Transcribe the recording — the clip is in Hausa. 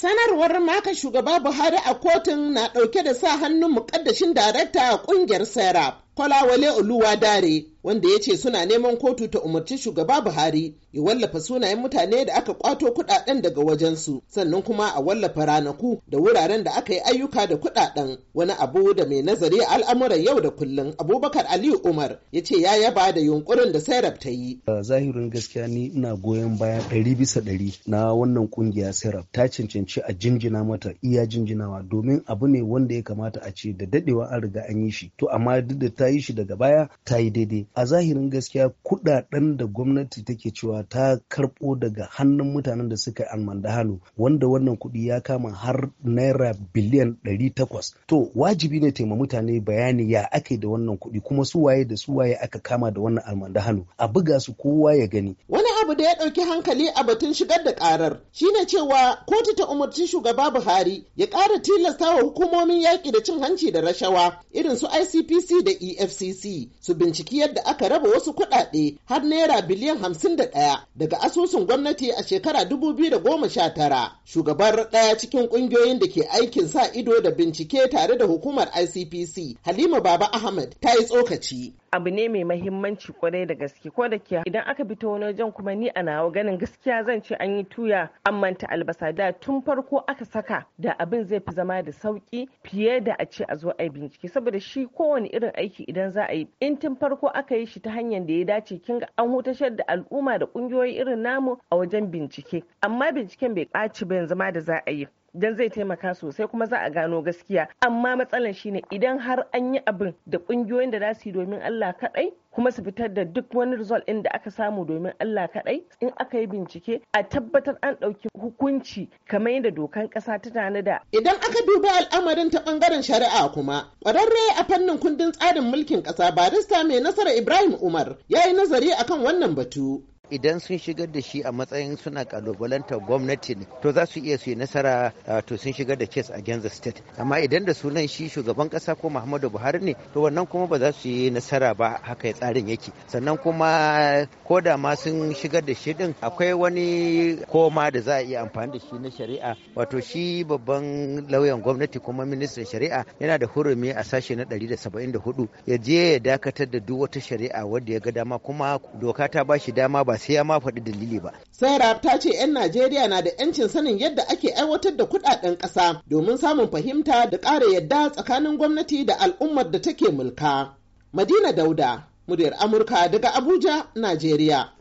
Sanarwar maka shugaba Buhari a kotun na ɗauke da sa hannun muƙaddashin darakta a ƙungiyar Serap, Kolawole Oluwadare, wanda ya ce suna neman kotu ta umarci shugaba Buhari ya wallafa sunayen mutane da aka kwato kudaden daga wajensu sannan kuma a wallafa ranaku da wuraren da aka yi ayyuka da kudaden wani abu da mai nazari al'amuran yau da kullum Abubakar Aliyu Umar ya ce ya yaba da yunkurin da Serap ta yi. Zahirin gaskiya ni ina goyon baya ɗari bisa ɗari na wannan kungiya Serap ta cancanci a jinjina mata iya jinjinawa domin abu ne wanda ya kamata a ce da dadewa an riga an yi shi to amma duk da ta yi shi daga baya ta yi daidai a zahirin gaskiya kudaden da gwamnati take cewa ta karbo daga hannun mutanen da suka almanda hannu wanda wannan kuɗi ya kama har naira biliyan 800 to wajibi ne taima mutane bayani ya aka da wannan kuɗi kuma su waye da su waye aka kama da wannan almanda hannu, a buga su kowa ya gani wani abu da ya ɗauki hankali a batun shigar da karar shine cewa kotu ta umarci shugaba buhari ya kara tilasta wa hukumomin yaƙi da cin hanci da rashawa irin su icpc da efcc su binciki yadda da aka raba wasu kuɗaɗe har naira biliyan hamsin da ɗaya daga asusun gwamnati a shekara dubu biyu da goma sha tara. Shugabar ɗaya cikin ƙungiyoyin da ke aikin sa ido da bincike tare da hukumar ICPC Halima Baba Ahmad ta yi tsokaci. abu ne mai mahimmanci kwarai da gaske ko da ke idan aka bi ta wani wajen kuma ni a nawa ganin gaskiya zan ce an yi tuya an manta albasa da tun farko aka saka da abin zai fi zama da sauki fiye da a ce a zo a yi bincike saboda shi kowane irin aiki idan za a yi in tun farko aka yi shi ta hanyar da ya dace kin ga an hutashar da al'umma da kungiyoyi irin namu a wajen bincike amma binciken bai ɓaci ba yanzu ma da za a yi dan zai taimaka sosai kuma za a gano gaskiya amma matsalan shine idan har an yi abin da kungiyoyin da za su yi domin Allah kadai kuma su fitar da duk wani result ɗin da aka samu domin Allah kadai in aka yi bincike a tabbatar an ɗauki hukunci kamar yadda dokan ƙasa ta da. Idan aka duba al'amarin ta ɓangaren shari'a kuma ƙwararre a fannin kundin tsarin mulkin ƙasa barista mai nasara Ibrahim Umar ya yi nazari akan wannan batu. idan sun shigar da shi a matsayin suna kalubalantar gwamnati ne to za su iya su yi nasara to sun shigar da kes against the state amma idan da sunan shi shugaban kasa ko muhammadu buhari ne to wannan kuma ba za su yi nasara ba haka ya tsarin yake sannan kuma ko da ma sun shigar da shi din akwai wani koma da za a iya amfani da shi na shari'a wato shi babban lauyan gwamnati kuma ministan shari'a yana da hurumi a sashe na ɗari da hudu ya je ya dakatar da duk wata shari'a wanda ya ga dama kuma doka ta ba shi dama ba sai ya ma faɗi dalili ba. Saira ta ce 'yan Najeriya na da 'yancin sanin yadda ake aiwatar da kuɗaɗen ƙasa domin samun fahimta da ƙara yadda tsakanin gwamnati da al'ummar da take mulka. Madina Dauda, muryar Amurka daga Abuja, Najeriya.